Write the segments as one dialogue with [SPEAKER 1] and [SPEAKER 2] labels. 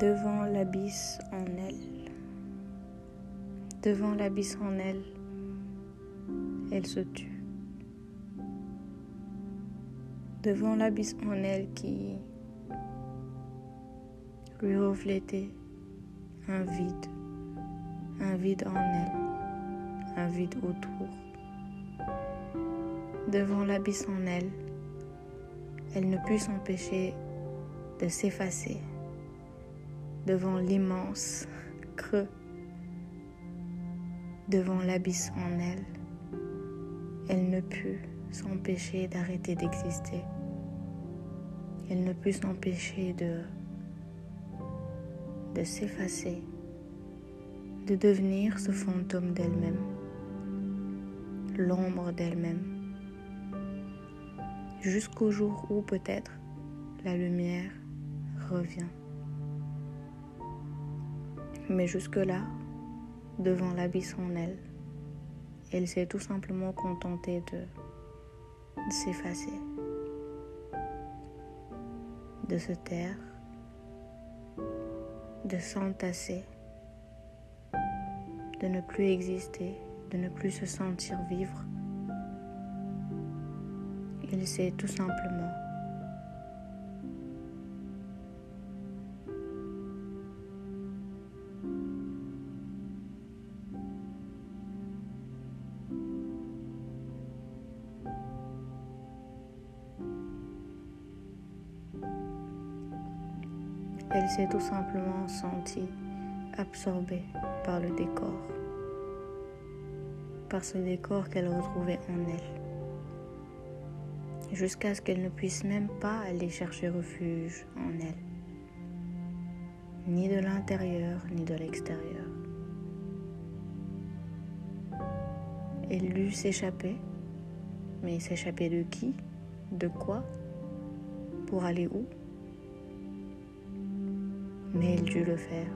[SPEAKER 1] devant l'abysse en elle. Devant l'abysse en elle, elle se tue. Devant l'abysse en elle qui reflétait un vide, un vide en elle, un vide autour. Devant l'abysse en elle, elle ne put s'empêcher de s'effacer. devant l'immense creux, devant l'abysse en elle, elle ne put s'empêcher d'arrêter d'exister. Elle ne put s'empêcher de, de s'effacer, de devenir ce fantôme d'elle-même, l'ombre d'elle-même, jusqu'au jour où peut-être la lumière revient. Mais jusque-là, devant l'abysse en elle, elle s'est tout simplement contentée de, de s'effacer, de se taire, de s'entasser, de ne plus exister, de ne plus se sentir vivre. Il s'est tout simplement s'est tout simplement senti absorbée par le décor, par ce décor qu'elle retrouvait en elle, jusqu'à ce qu'elle ne puisse même pas aller chercher refuge en elle, ni de l'intérieur, ni de l'extérieur. Elle lut s'échapper, mais s'échapper de qui, de quoi, pour aller où mais elle dut le faire.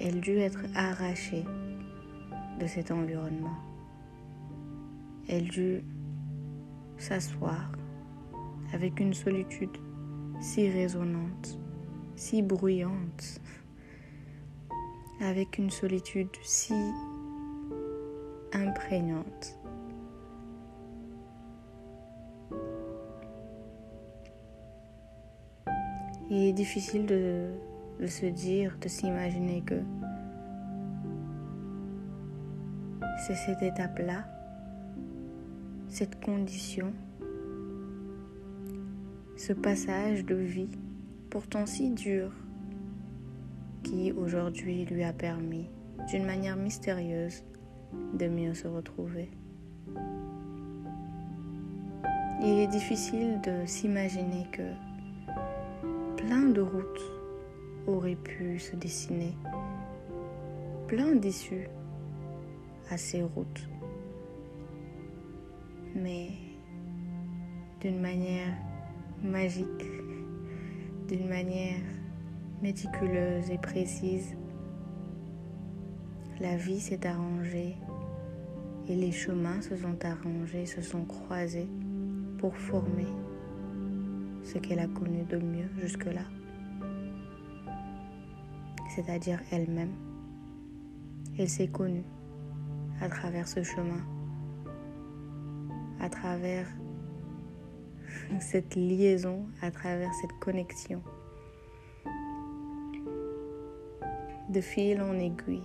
[SPEAKER 1] Elle dut être arrachée de cet environnement. Elle dut s'asseoir avec une solitude si résonnante, si bruyante, avec une solitude si imprégnante Il est difficile de, de se dire, de s'imaginer que c'est cette étape-là, cette condition, ce passage de vie pourtant si dur qui aujourd'hui lui a permis d'une manière mystérieuse de mieux se retrouver. Il est difficile de s'imaginer que Plein de routes auraient pu se dessiner, plein d'issues à ces routes. Mais d'une manière magique, d'une manière méticuleuse et précise, la vie s'est arrangée et les chemins se sont arrangés, se sont croisés pour former ce qu'elle a connu de mieux jusque-là, c'est-à-dire elle-même. Elle, s'est connue à travers ce chemin, à travers cette liaison, à travers cette connexion. De fil en aiguille,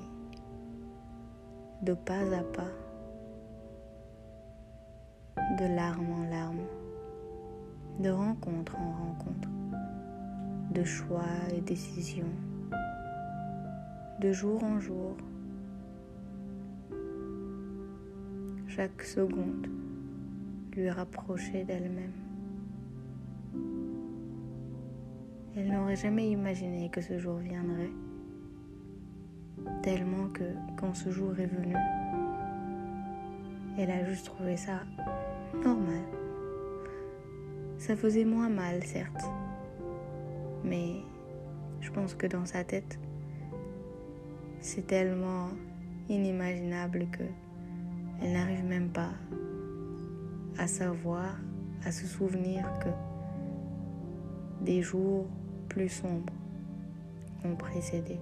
[SPEAKER 1] de pas à pas, de larme en larme. de rencontre en rencontre, de choix et décisions, de jour en jour. Chaque seconde lui rapprochait d'elle-même. Elle n'aurait jamais imaginé que ce jour viendrait, tellement que quand ce jour est venu, elle a juste trouvé ça normal. Ça faisait moins mal, certes. Mais je pense que dans sa tête, c'est tellement inimaginable que n'arrive même pas à savoir, à se souvenir que des jours plus sombres ont précédé.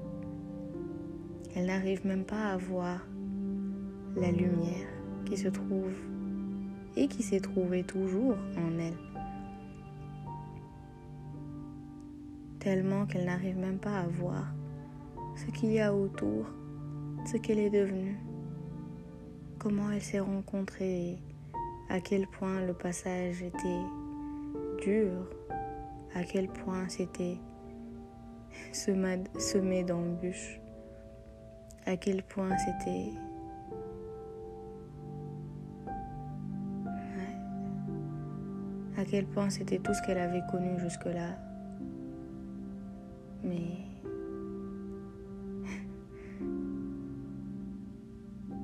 [SPEAKER 1] Elle n'arrive même pas à voir la lumière qui se trouve et qui s'est trouvée toujours en elle. tellement qu'elle n'arrive même pas à voir ce qu'il y a autour, ce qu'elle est devenue, comment elle s'est rencontrée, à quel point le passage était dur, à quel point c'était semé d'embûches, à quel point c'était à quel point c'était tout ce qu'elle avait connu jusque-là mais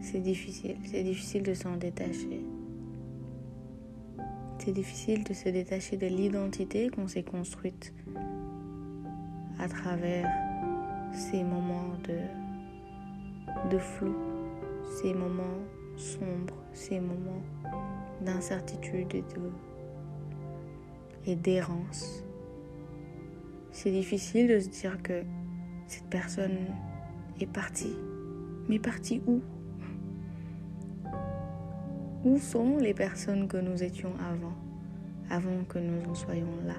[SPEAKER 1] c'est difficile, c'est difficile de s'en détacher. C'est difficile de se détacher de l'identité qu'on s'est construite à travers ces moments de, de ces moments sombres, ces moments d'incertitude et d'errance. C'est difficile de se dire que cette personne est partie. Mais partie où Où sont les personnes que nous étions avant, que nous en soyons là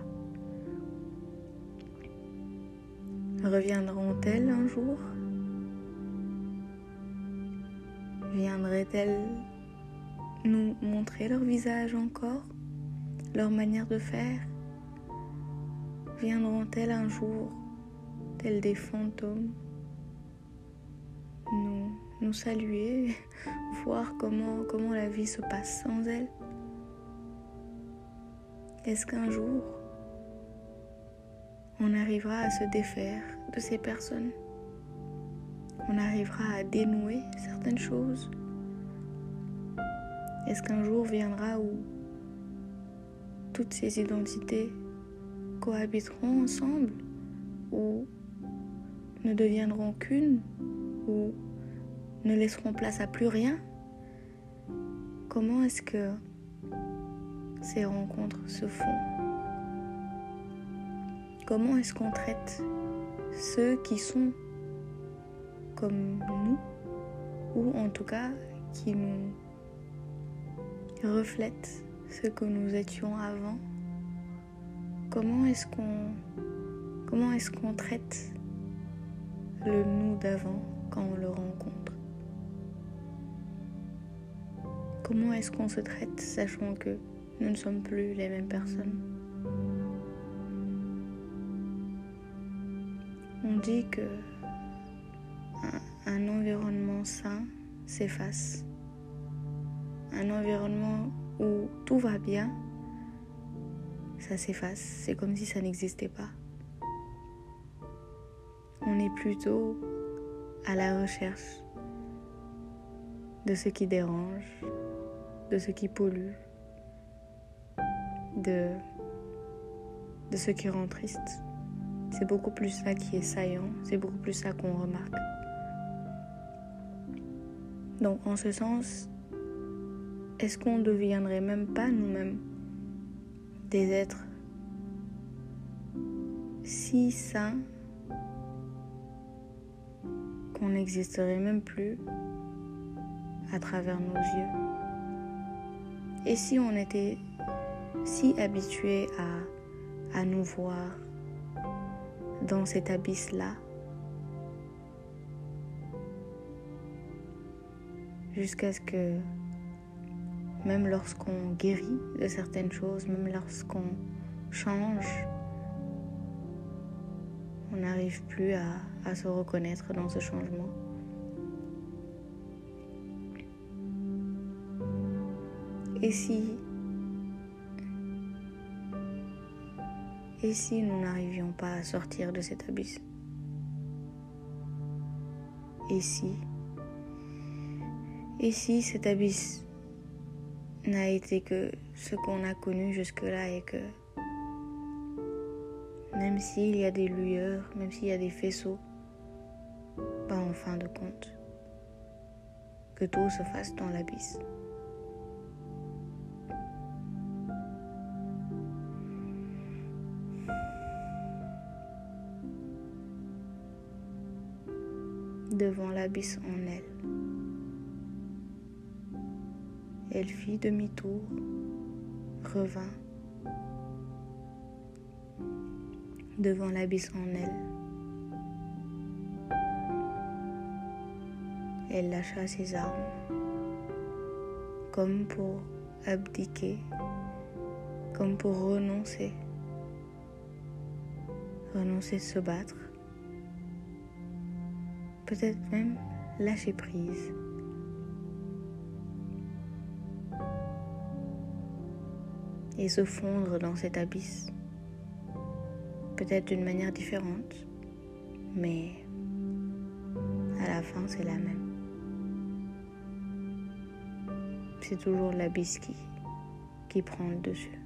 [SPEAKER 1] Reviendront-elles un jour Viendraient-elles nous montrer leur visage encore, leur manière de faire reviendront-elles un jour, tels des fantômes, nous, saluer, voir comment, la vie se passe sans elles Est-ce qu'un jour, on arrivera à se défaire de ces personnes On arrivera à dénouer certaines choses Est-ce qu'un jour viendra où toutes ces identités cohabiteront ensemble ou ne deviendront qu'une ou ne laisseront place à plus rien Comment est-ce que ces rencontres se font Comment est-ce qu'on traite ceux qui sont comme nous ou en tout cas qui nous reflètent ce que nous étions avant Comment est-ce qu'on traite le nous d'avant quand on le rencontre Comment est-ce qu'on se traite sachant que nous ne sommes plus les mêmes personnes On dit que environnement sain s'efface. Un environnement où tout va bien ça s'efface, c'est comme si ça n'existait pas. On est plutôt à la recherche de ce qui dérange, de ce qui pollue, de, ce qui rend triste. C'est beaucoup plus ça qui est saillant, c'est beaucoup plus ça qu'on remarque. Donc en ce sens, est-ce qu'on deviendrait même pas nous-mêmes des êtres si sains qu'on n'existerait même plus à travers nos yeux. Et si on était si habitué à, nous voir dans cet abysse-là, jusqu'à ce que même lorsqu'on guérit de certaines choses, même lorsqu'on change, on n'arrive plus à, se reconnaître dans ce changement. Et si nous n'arrivions pas à sortir de cet abysse Et si Et si cet abysse n'a été que ce qu'on a connu jusque-là et que même s'il y a des lueurs, même s'il y a des faisceaux, pas en fin de compte, que tout se fasse dans l'abysse. devant l'abysse en elle. Elle fit demi-tour, revint devant l'abysse en elle. Elle lâcha ses armes, comme pour abdiquer, comme pour renoncer, renoncer se battre, peut-être même lâcher prise. et se fondre dans cet abysse. Peut-être d'une manière différente, mais à la fin c'est la même. C'est toujours l'abysse qui, prend le dessus.